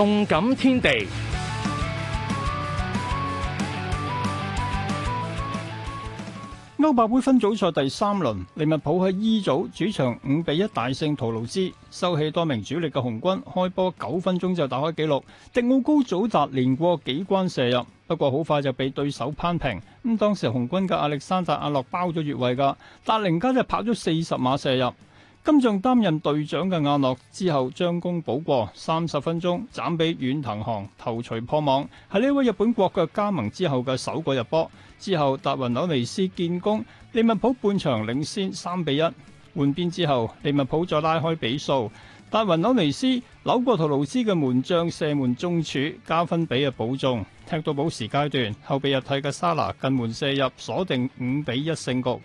動感天地，歐霸杯分組賽第三輪，利物浦喺 E 組主場五比一大勝圖盧茲，收起多名主力嘅紅軍，開波九分鐘就打開紀錄，迪奧高祖達連過幾關射入，不過好快就被對手扳平。咁當時紅軍嘅阿力山達阿諾包咗越位噶，達靈加就拍咗四十碼射入。今仗擔任隊長嘅阿諾之後將功補過，三十分鐘斬比遠藤航頭錘破網，係呢位日本國腳加盟之後嘅首個入波。之後達雲紐尼斯建功，利物浦半場領先三比一。換邊之後，利物浦再拉開比數，達雲紐尼斯扭過圖盧茲嘅門將射門中柱，加分比啊補中。踢到補時階段，後備入替嘅沙拿近門射入，鎖定五比一勝局。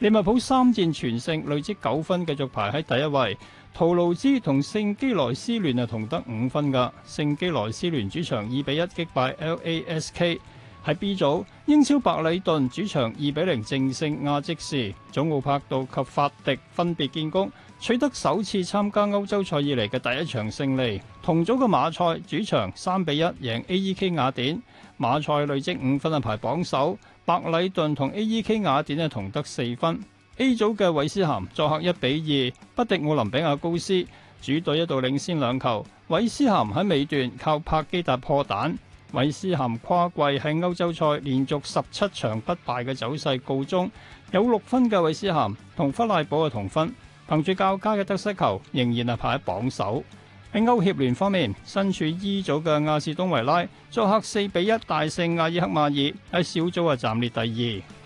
利物浦三戰全勝，累積九分，繼續排喺第一位。圖盧茲同聖基萊斯聯啊，同得五分噶。聖基萊斯聯主場二比一擊敗 LASK。喺 B 組，英超白禮頓主場2比0淨勝阿積士，祖奧柏度及法迪分別建功，取得首次參加歐洲賽以嚟嘅第一場勝利。同組嘅馬賽主場3比1贏 AEK 雅典，馬賽累積五分係排榜首，白禮頓同 AEK 雅典咧，同得四分。A 組嘅韋斯咸作客1比2不敵奧林比亞高斯，主隊一度領先兩球，韋斯咸喺尾段靠柏基達破蛋韋斯咸跨季喺歐洲賽連續十七場不敗嘅走勢告終，有六分嘅韋斯咸同弗賴堡嘅同分，憑住較佳嘅得失球，仍然係排喺榜首。喺歐協聯方面，身處 E 組嘅亞士東維拉作客四比一大勝亞爾克馬爾，喺小組啊暫列第二。